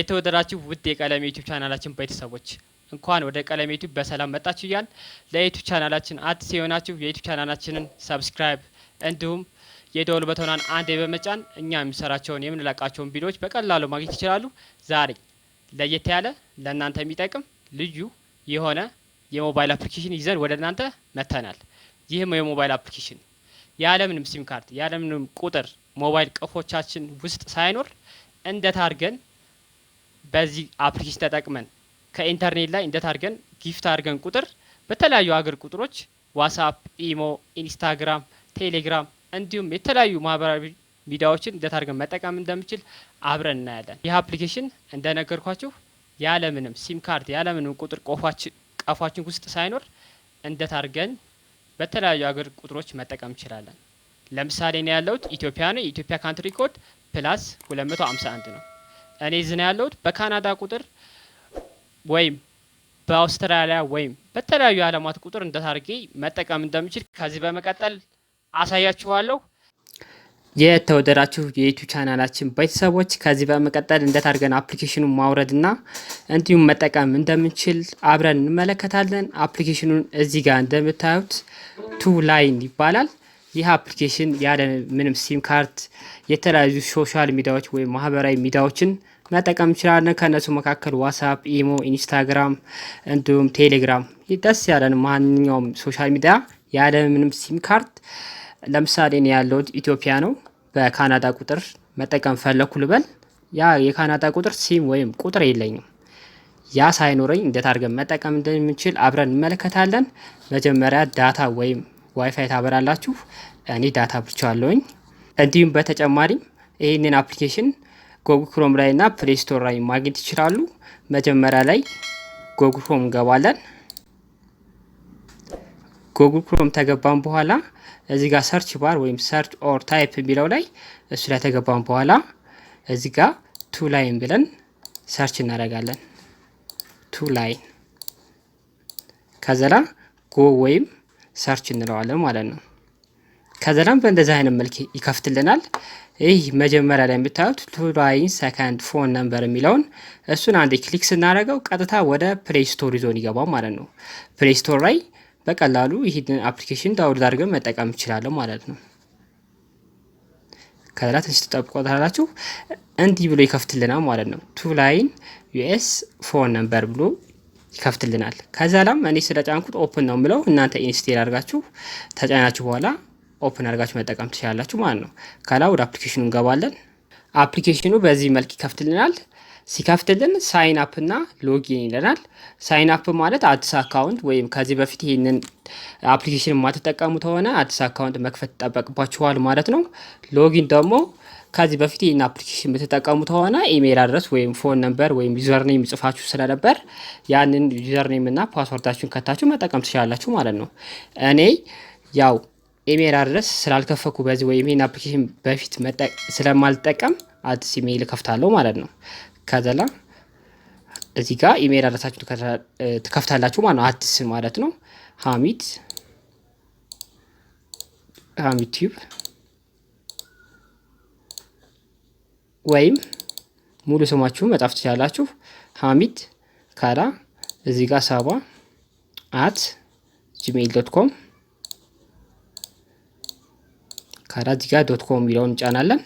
የተወደዳችሁ ውድ የቀለም ዩቲዩብ ቻናላችን ቤተሰቦች እንኳን ወደ ቀለም ዩቲዩብ በሰላም መጣችሁ እያል ለዩቲዩብ ቻናላችን አዲስ የሆናችሁ የዩቲዩብ ቻናላችንን ሰብስክራይብ እንዲሁም የደወል በተናን አንድ በመጫን እኛ የሚሰራቸውን የምንለቃቸውን ቪዲዮዎች በቀላሉ ማግኘት ይችላሉ። ዛሬ ለየት ያለ ለእናንተ የሚጠቅም ልዩ የሆነ የሞባይል አፕሊኬሽን ይዘን ወደ እናንተ መጥተናል። ይህም የሞባይል አፕሊኬሽን ያለምንም ሲም ካርድ ያለምንም ቁጥር ሞባይል ቀፎቻችን ውስጥ ሳይኖር እንዴት አድርገን በዚህ አፕሊኬሽን ተጠቅመን ከኢንተርኔት ላይ እንደት አድርገን ጊፍት አድርገን ቁጥር በተለያዩ አገር ቁጥሮች ዋትስአፕ፣ ኢሞ፣ ኢንስታግራም፣ ቴሌግራም እንዲሁም የተለያዩ ማህበራዊ ሚዲያዎችን እንደት አድርገን መጠቀም እንደምችል አብረን እናያለን። ይህ አፕሊኬሽን እንደነገርኳችሁ ያለምንም ሲም ካርድ ያለምንም ቁጥር ቀፏችን ውስጥ ሳይኖር እንደት አድርገን በተለያዩ ሀገር ቁጥሮች መጠቀም እንችላለን። ለምሳሌ ነው ያለሁት ኢትዮጵያ ነው። የኢትዮጵያ ካንትሪ ኮድ ፕላስ 251 ነው። እኔ ዝና ያለሁት በካናዳ ቁጥር ወይም በአውስትራሊያ ወይም በተለያዩ የዓለማት ቁጥር እንደታርጌ አድርጌ መጠቀም እንደምችል ከዚህ በመቀጠል አሳያችኋለሁ። የተወደዳችሁ የዩቱብ ቻናላችን ቤተሰቦች ከዚህ በመቀጠል እንዴት አድርገን አፕሊኬሽኑን ማውረድ እና እንዲሁም መጠቀም እንደምንችል አብረን እንመለከታለን። አፕሊኬሽኑን እዚህ ጋር እንደምታዩት ቱ ላይን ይባላል። ይህ አፕሊኬሽን ያለ ምንም ሲም ካርድ የተለያዩ ሶሻል ሚዲያዎች ወይም ማህበራዊ ሚዲያዎችን መጠቀም እንችላለን። ከእነሱ መካከል ዋትሳፕ፣ ኢሞ፣ ኢንስታግራም እንዲሁም ቴሌግራም ደስ ያለን ማንኛውም ሶሻል ሚዲያ ያለ ምንም ሲም ካርድ ለምሳሌ እኔ ያለሁት ኢትዮጵያ ነው። በካናዳ ቁጥር መጠቀም ፈለኩ ልበል። ያ የካናዳ ቁጥር ሲም ወይም ቁጥር የለኝም። ያ ሳይኖረኝ እንዴት አድርገን መጠቀም እንደምንችል አብረን እንመለከታለን። መጀመሪያ ዳታ ወይም ዋይፋይ ታበራላችሁ። እኔ ዳታ ብርቸዋለሁኝ። እንዲሁም በተጨማሪም ይህንን አፕሊኬሽን ጎግል ክሮም ላይ እና ፕሌይ ስቶር ላይ ማግኘት ይችላሉ። መጀመሪያ ላይ ጎግል ክሮም እንገባለን። ጎግል ክሮም ተገባን በኋላ እዚ ጋር ሰርች ባር ወይም ሰርች ኦር ታይፕ የሚለው ላይ እሱ ላይ ተገባን በኋላ እዚ ጋር ቱ ላይን ብለን ሰርች እናደርጋለን። ቱ ላይን ከዘላ ጎ ወይም ሰርች እንለዋለን ማለት ነው። ከዘላም በእንደዚህ አይነት መልክ ይከፍትልናል። ይህ መጀመሪያ ላይ የምታዩት ቱላይን ሰከንድ ፎን ነምበር የሚለውን እሱን አንድ ክሊክ ስናደርገው ቀጥታ ወደ ፕሌስቶር ይዞን ይገባ ማለት ነው። ፕሌስቶር ላይ በቀላሉ ይህን አፕሊኬሽን ዳውንሎድ አድርገን መጠቀም እንችላለን ማለት ነው። ከዛ ትንሽ ትጠብቆታላችሁ። እንዲህ ብሎ ይከፍትልናል ማለት ነው። ቱላይን ዩኤስ ፎን ነምበር ብሎ ይከፍትልናል። ከዛ ላም እኔ ስለ ጫንኩት ኦፕን ነው የምለው እናንተ ኢንስቴል አድርጋችሁ ተጫናችሁ በኋላ ኦፕን አድርጋችሁ መጠቀም ትችላላችሁ ማለት ነው። ከላ ወደ አፕሊኬሽኑ እንገባለን። አፕሊኬሽኑ በዚህ መልክ ይከፍትልናል። ሲከፍትልን ሳይን አፕ እና ሎጊን ይለናል። ሳይን አፕ ማለት አዲስ አካውንት ወይም ከዚህ በፊት ይህንን አፕሊኬሽን የማትጠቀሙ ከሆነ አዲስ አካውንት መክፈት ይጠበቅባችኋል ማለት ነው። ሎጊን ደግሞ ከዚህ በፊት ይህን አፕሊኬሽን የምትጠቀሙ ከሆነ ኢሜል አድረስ ወይም ፎን ነበር ወይም ዩዘርኔም ጽፋችሁ ስለነበር ያንን ዩዘርኔም እና ፓስወርዳችሁን ከታችሁ መጠቀም ትችላላችሁ ማለት ነው። እኔ ያው ኢሜል አድረስ ስላልከፈኩ በዚህ ወይም ይህን አፕሊኬሽን በፊት ስለማልጠቀም አዲስ ኢሜይል ከፍታለሁ ማለት ነው። ከዘላ እዚህ ጋር ኢሜይል አድረሳችሁ ትከፍታላችሁ ማለት ነው። አዲስ ማለት ነው ሀሚድ ሀሚድ ቲዩብ ወይም ሙሉ ስማችሁ መጻፍ ትችላላችሁ። ሀሚድ ካላ እዚህ ጋር ሳባ አት ጂሜይል ዶት ኮም ካላ እዚህ ጋር ዶት ኮም የሚለውን እንጫናለን።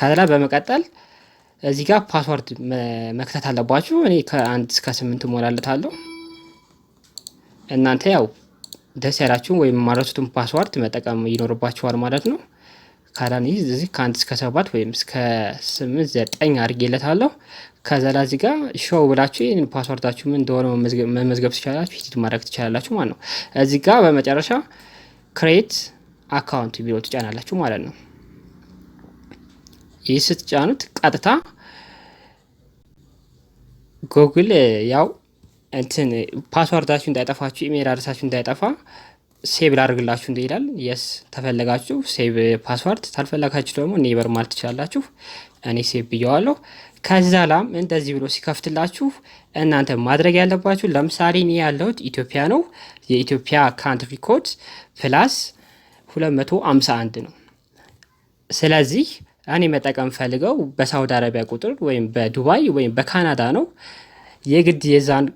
ከላ በመቀጠል እዚህ ጋር ፓስወርድ መክተት አለባችሁ። እኔ ከአንድ እስከ ስምንት እሞላለታለሁ። እናንተ ያው ደስ ያላችሁን ወይም ማረሱትን ፓስወርድ መጠቀም ይኖርባችኋል ማለት ነው። ካዳን ይህ እዚህ ከአንድ እስከ ሰባት ወይም እስከ ስምንት ዘጠኝ አድርጌለታለሁ። ከዛ ላይ ጋር ሾው ብላችሁ ይህን ፓስወርዳችሁ ምን እንደሆነ መመዝገብ ትችላላችሁ፣ ፊት ማድረግ ትችላላችሁ ማለት ነው። እዚህ ጋር በመጨረሻ ክሬት አካውንት ቢሮ ትጫናላችሁ ማለት ነው። ይህ ስትጫኑት ቀጥታ ጉግል ያው እንትን ፓስወርዳችሁ እንዳይጠፋችሁ ኢሜል አድረሳችሁ እንዳይጠፋ ሴቭ ላድርግላችሁ እንደ ይላል የስ ተፈለጋችሁ ሴቭ ፓስወርድ ታልፈለጋችሁ ደግሞ ኔበር ማለት ትችላላችሁ። እኔ ሴቭ ብየዋለሁ። ከዛ ላም እንደዚህ ብሎ ሲከፍትላችሁ እናንተ ማድረግ ያለባችሁ ለምሳሌ እኔ ያለሁት ኢትዮጵያ ነው። የኢትዮጵያ ካንትሪ ኮድ ፕላስ 251 ነው። ስለዚህ እኔ መጠቀም ፈልገው በሳውዲ አረቢያ ቁጥር ወይም በዱባይ ወይም በካናዳ ነው የግድ የዛን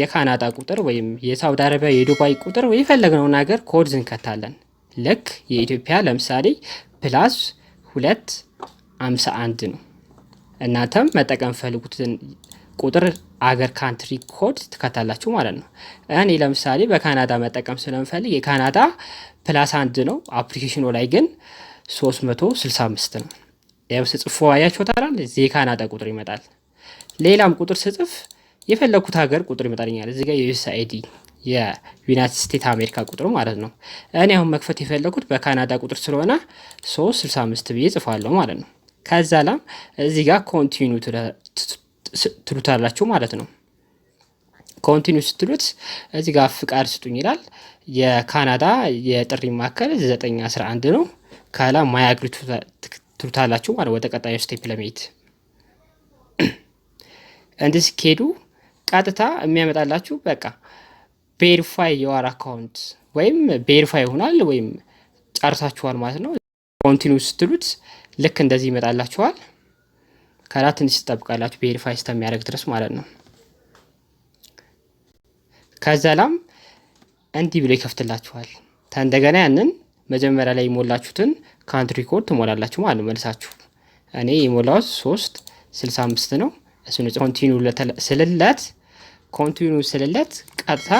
የካናዳ ቁጥር ወይም የሳውዲ አረቢያ የዱባይ ቁጥር የፈለግነውን ሀገር ኮድ እንከታለን። ልክ የኢትዮጵያ ለምሳሌ ፕላስ ሁለት አምሳ አንድ ነው። እናንተም መጠቀም ፈልጉትን ቁጥር አገር ካንትሪ ኮድ ትከታላችሁ ማለት ነው። እኔ ለምሳሌ በካናዳ መጠቀም ስለምፈልግ የካናዳ ፕላስ አንድ ነው። አፕሊኬሽኑ ላይ ግን 365 ነው። ያው ስጽፎ ታራል የካናዳ ቁጥር ይመጣል። ሌላም ቁጥር ስጽፍ የፈለግኩት ሀገር ቁጥር ይመጣልኛል። እዚህ ጋር የዩኤስ አይዲ የዩናይትድ ስቴትስ አሜሪካ ቁጥሩ ማለት ነው። እኔ አሁን መክፈት የፈለግኩት በካናዳ ቁጥር ስለሆነ 365 ብዬ ጽፏለሁ ማለት ነው። ከዛ ላም እዚህ ጋር ኮንቲኒ ትሉታላችሁ ማለት ነው። ኮንቲኒ ስትሉት እዚህ ጋር ፍቃድ ስጡኝ ይላል። የካናዳ የጥሪ ማዕከል 911 ነው። ካላ ማያግሉ ትሉታላችሁ ማለት ወደ ቀጣዩ ስቴፕ ለመሄድ እንዲህ ሲሄዱ ቀጥታ የሚያመጣላችሁ በቃ ቬሪፋይ የዋር አካውንት ወይም ቬሪፋይ ይሆናል ወይም ጨርሳችኋል ማለት ነው። ኮንቲኒ ስትሉት ልክ እንደዚህ ይመጣላችኋል። ከላ ትንሽ ትጠብቃላችሁ ቬሪፋይ እስከሚያደርግ ድረስ ማለት ነው። ላም እንዲህ ብሎ ይከፍትላችኋል። እንደገና ያንን መጀመሪያ ላይ የሞላችሁትን ካንትሪ ኮድ ትሞላላችሁ ማለት ነው መልሳችሁ። እኔ የሞላሁት ሶስት ስልሳ አምስት ነው። ኮንቲኒው ስለላት ኮንቲኒው ስለላት ቀጥታ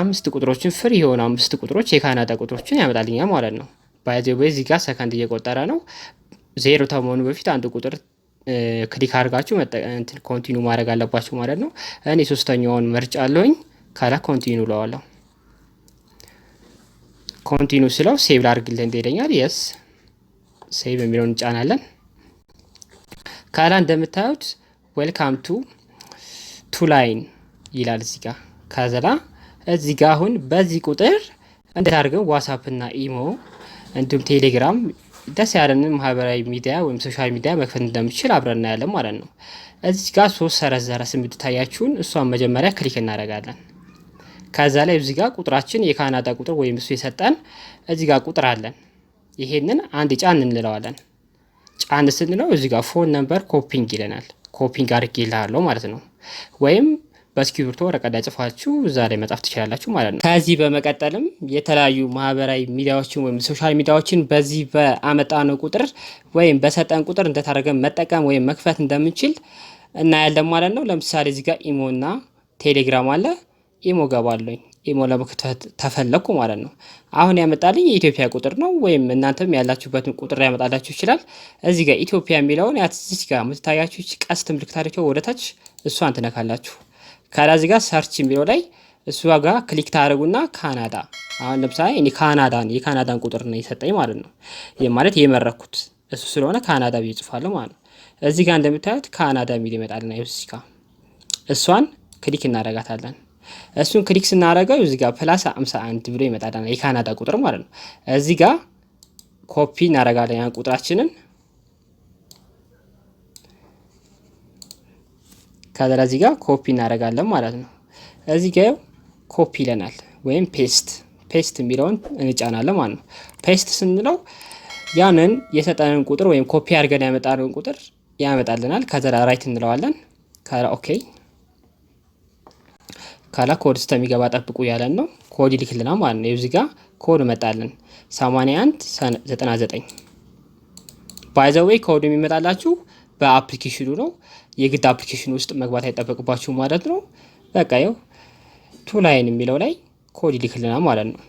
አምስት ቁጥሮችን ፍሪ የሆኑ አምስት ቁጥሮች የካናዳ ቁጥሮችን ያመጣልኛል ማለት ነው። ባይዘ በዚህ ጋር ሰከንድ እየቆጠረ ነው። ዜሮ ከመሆኑ በፊት አንድ ቁጥር ክሊክ አድርጋችሁ ኮንቲኒው ማድረግ አለባችሁ ማለት ነው። እኔ ሶስተኛውን ምርጫ አለሁኝ። ካላ ኮንቲኒው ለዋለሁ። ኮንቲኒው ስለው ሴቭ ላድርግልህ ይለኛል። የስ ሴቭ የሚለውን እንጫናለን። ካላ እንደምታዩት ዌልካም ቱ ቱ ላይን ይላል እዚህ ጋ ከዘላ እዚህ ጋ አሁን በዚህ ቁጥር እንዴት አድርገን ዋትሳፕ እና ኢሞ እንዲሁም ቴሌግራም ደስ ያለንን ማህበራዊ ሚዲያ ወይም ሶሻል ሚዲያ መክፈት እንደምችል አብረን እናያለን ማለት ነው። እዚህ ጋር ሶስት ሰረዝ የምትታያችሁን እሷን መጀመሪያ ክሊክ እናደርጋለን። ከዛ ላይ እዚህ ጋር ቁጥራችን የካናዳ ቁጥር ወይም እሱ የሰጠን እዚህ ጋር ቁጥር አለን። ይሄንን አንድ ጫን እንለዋለን። ጫን ስንለው እዚ ጋር ፎን ነምበር ኮፒንግ ይለናል። ኮፒንግ አድርጌልሃለሁ ማለት ነው። ወይም በእስክሪብቶ ወረቀት ላይ ጽፋችሁ እዛ ላይ መጻፍ ትችላላችሁ ማለት ነው። ከዚህ በመቀጠልም የተለያዩ ማህበራዊ ሚዲያዎችን ወይም ሶሻል ሚዲያዎችን በዚህ በአመጣነው ቁጥር ወይም በሰጠን ቁጥር እንደታደረገን መጠቀም ወይም መክፈት እንደምንችል እናያለን ማለት ነው። ለምሳሌ እዚህ ጋር ኢሞና ቴሌግራም አለ። ኢሞ ገባለኝ ኢሞ ለመክፈት ተፈለግኩ ማለት ነው። አሁን ያመጣልኝ የኢትዮጵያ ቁጥር ነው፣ ወይም እናንተም ያላችሁበትን ቁጥር ያመጣላችሁ ይችላል። እዚህ ጋር ኢትዮጵያ የሚለውን ያትዚች ጋር የምትታያችሁ ቀስት ምልክታቸው ወደታች እሷን ትነካላችሁ። ካላ እዚህ ጋር ሰርች የሚለው ላይ እሷ ጋር ክሊክ ታደረጉና ካናዳ አሁን ለምሳሌ እኔ ካናዳን የካናዳን ቁጥር ነው የሰጠኝ ማለት ነው። ይህ ማለት የመረኩት እሱ ስለሆነ ካናዳ ብዬ ጽፋለሁ ማለት ነው። እዚህ ጋር እንደምታዩት ካናዳ የሚል ይመጣልና ይኸው እሷን ክሊክ እናደርጋታለን። እሱን ክሊክ ስናደርገው እዚ ጋር ፕላስ 51 ብሎ ይመጣል፣ የካናዳ ቁጥር ማለት ነው። እዚ ጋር ኮፒ እናደርጋለን ያን ቁጥራችንን ከዛ እዚህ ጋር ኮፒ እናደርጋለን ማለት ነው። እዚህ ጋ ኮፒ ይለናል ወይም ፔስት ፔስት የሚለውን እንጫናለን ማለት ነው። ፔስት ስንለው ያንን የሰጠንን ቁጥር ወይም ኮፒ አድርገን ያመጣንን ቁጥር ያመጣልናል። ከዛ ራይት እንለዋለን። ከዛ ኦኬ ካላ ኮድ ስተሚገባ ጠብቁ እያለን ነው። ኮድ ይልክልና ማለት ነው። እዚህ ጋር ኮድ መጣልን 81 99 ባይዘዌይ ኮድ የሚመጣላችሁ በአፕሊኬሽኑ ነው። የግድ አፕሊኬሽን ውስጥ መግባት አይጠበቅባችሁ ማለት ነው። በቃ ይኸው ቱ ላይን የሚለው ላይ ኮድ ይልክልና ማለት ነው።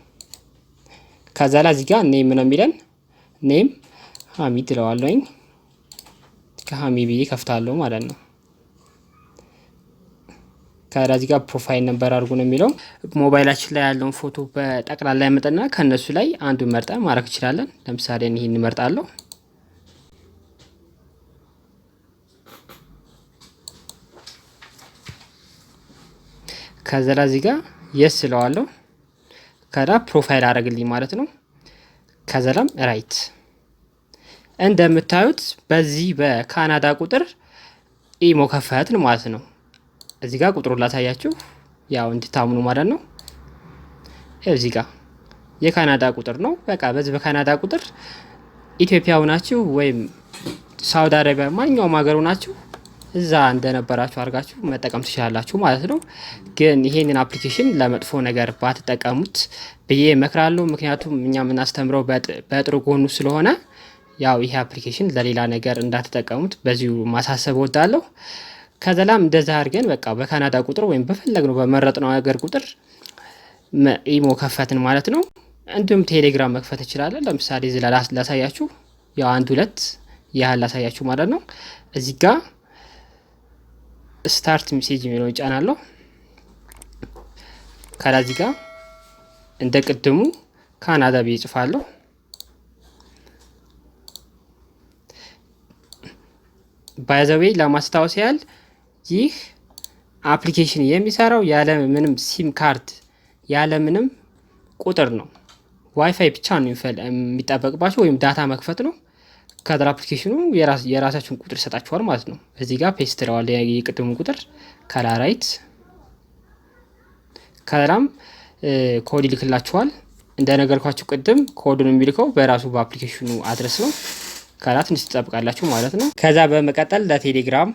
ከዛ ላይ እዚህ ጋር ኔም ነው የሚለን ኔም ሀሚድ እለዋለሁኝ ከሀሚ ብዬ ከፍታለሁ ማለት ነው። ከዛ ጋር ፕሮፋይል ነበር አድርጉ ነው የሚለው ሞባይላችን ላይ ያለውን ፎቶ በጠቅላላ ያመጠና ከእነሱ ላይ አንዱ መርጠን ማድረግ እንችላለን። ለምሳሌ ይህን እንመርጣለሁ። ከዛ እዚህ ጋር የስ ስለዋለሁ። ከዛ ፕሮፋይል አደረግልኝ ማለት ነው። ከዛም ራይት እንደምታዩት በዚህ በካናዳ ቁጥር ኢሞ ከፈትን ማለት ነው። እዚህ ጋር ቁጥሩን ላሳያችሁ ያው እንድታምኑ ማለት ነው። እዚህ ጋር የካናዳ ቁጥር ነው። በቃ በዚህ በካናዳ ቁጥር ኢትዮጵያው ናችሁ ወይም ሳውዲ አረቢያ ማንኛውም ሀገሩ ናችሁ እዛ እንደነበራችሁ አድርጋችሁ መጠቀም ትችላላችሁ ማለት ነው። ግን ይሄንን አፕሊኬሽን ለመጥፎ ነገር ባትጠቀሙት ብዬ እመክራለሁ። ምክንያቱም እኛ የምናስተምረው በጥሩ ጎኑ ስለሆነ ያው ይሄ አፕሊኬሽን ለሌላ ነገር እንዳትጠቀሙት በዚሁ ማሳሰብ እወዳለሁ። ከዘላም እንደዛ አድርገን በቃ በካናዳ ቁጥር ወይም በፈለግነው በመረጥነው ሀገር ቁጥር ኢሞ ከፈትን ማለት ነው። እንዲሁም ቴሌግራም መክፈት እንችላለን። ለምሳሌ እዚ ላሳያችሁ ያው አንድ ሁለት ያህል ላሳያችሁ ማለት ነው። እዚህ ጋ ስታርት ሜሴጅ የሚለውን ጫናለሁ። ከላ እዚህ ጋ እንደ ቅድሙ ካናዳ ብዬ ጽፋለሁ። ባይዘዌይ ለማስታወስ ያህል ይህ አፕሊኬሽን የሚሰራው ያለ ምንም ሲም ካርድ ያለ ምንም ቁጥር ነው። ዋይፋይ ብቻ ነው የሚጠበቅባቸው ወይም ዳታ መክፈት ነው። ከዛ አፕሊኬሽኑ የራሳችሁን ቁጥር ይሰጣችኋል ማለት ነው። እዚህ ጋር ፔስት ለዋል የቅድሙ ቁጥር ከላራይት ከላም ኮድ ይልክላችኋል። እንደነገርኳችሁ ቅድም ኮዱን የሚልከው በራሱ በአፕሊኬሽኑ አድረስ ነው። ከላ ትንሽ ትጠብቃላችሁ ማለት ነው። ከዛ በመቀጠል ለቴሌግራም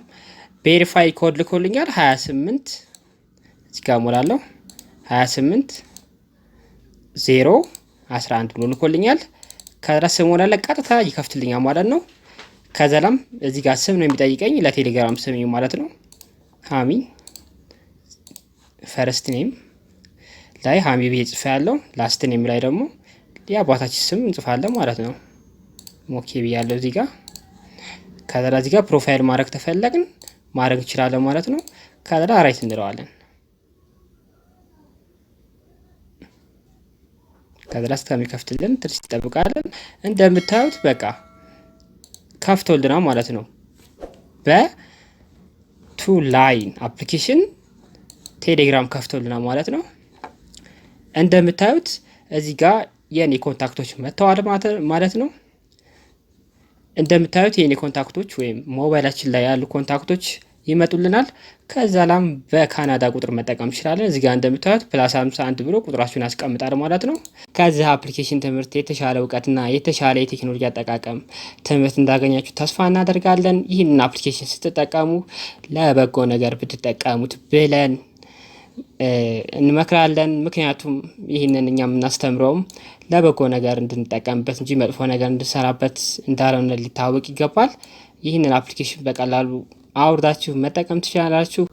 ቬሪፋይ ኮድ ልኮልኛል። 28 እዚህ ጋር ሞላለሁ። 28 0 11 ብሎ ልኮልኛል። ከዛ ስም ሆናለ ቀጥታ ይከፍትልኛል ማለት ነው። ከዛላም እዚህ ጋር ስም ነው የሚጠይቀኝ ለቴሌግራም ስም ማለት ነው። ሀሚ ፈርስት ኔም ላይ ሀሚ ብዬ ጽፈ ያለው ላስት ኔም ላይ ደግሞ የአባታችን ስም እንጽፋለን ማለት ነው። ሞኬ ብያለው እዚህ ጋር ከዛ እዚህ ጋር ፕሮፋይል ማድረግ ተፈለግን ማድረግ እንችላለን ማለት ነው። ከዛ ራይት እንለዋለን። ከዛ እስከሚከፍትልን ትንሽ ይጠብቃለን። እንደምታዩት በቃ ከፍቶልናል ማለት ነው። በቱ ላይን አፕሊኬሽን ቴሌግራም ከፍቶልናል ማለት ነው። እንደምታዩት እዚህ ጋር የኔ ኮንታክቶች መጥተዋል ማለት ነው። እንደምታዩት የኔ ኮንታክቶች ወይም ሞባይላችን ላይ ያሉ ኮንታክቶች ይመጡልናል። ከዛ ላም በካናዳ ቁጥር መጠቀም እንችላለን። እዚጋ እንደምታዩት ፕላስ 51 ብሎ ቁጥራችሁን ያስቀምጣል ማለት ነው። ከዚህ አፕሊኬሽን ትምህርት የተሻለ እውቀትና የተሻለ የቴክኖሎጂ አጠቃቀም ትምህርት እንዳገኛችሁ ተስፋ እናደርጋለን። ይህንን አፕሊኬሽን ስትጠቀሙ ለበጎ ነገር ብትጠቀሙት ብለን እንመክራለን። ምክንያቱም ይህንን እኛ የምናስተምረውም ለበጎ ነገር እንድንጠቀምበት እንጂ መጥፎ ነገር እንድንሰራበት እንዳልሆነ ሊታወቅ ይገባል። ይህንን አፕሊኬሽን በቀላሉ አውርዳችሁ መጠቀም ትችላላችሁ።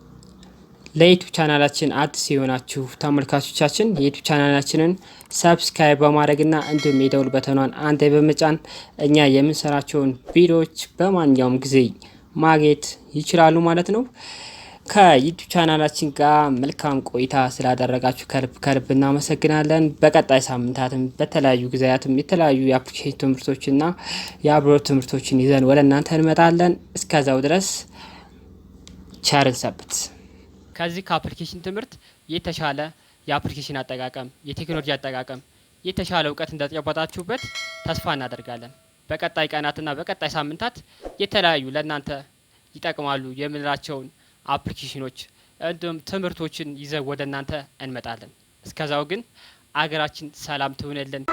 ለዩቱብ ቻናላችን አዲስ የሆናችሁ ተመልካቾቻችን የዩቱብ ቻናላችንን ሰብስክራይብ በማድረግና እንዲሁም የደውል በተኗን አንድ በመጫን እኛ የምንሰራቸውን ቪዲዮዎች በማንኛውም ጊዜ ማግኘት ይችላሉ ማለት ነው። ከዩቱብ ቻናላችን ጋር መልካም ቆይታ ስላደረጋችሁ ከልብ ከልብ እናመሰግናለን። በቀጣይ ሳምንታትም በተለያዩ ጊዜያትም የተለያዩ የአፕሊኬሽን ትምህርቶችና የአብሮት ትምህርቶችን ይዘን ወደ እናንተ እንመጣለን። እስከዛው ድረስ ቸርን ሰብት ከዚህ ከአፕሊኬሽን ትምህርት የተሻለ የአፕሊኬሽን አጠቃቀም፣ የቴክኖሎጂ አጠቃቀም የተሻለ እውቀት እንደጨበጣችሁበት ተስፋ እናደርጋለን። በቀጣይ ቀናትና በቀጣይ ሳምንታት የተለያዩ ለእናንተ ይጠቅማሉ የምንላቸውን አፕሊኬሽኖች እንዲሁም ትምህርቶችን ይዘን ወደ እናንተ እንመጣለን። እስከዛው ግን አገራችን ሰላም ትሆነልን።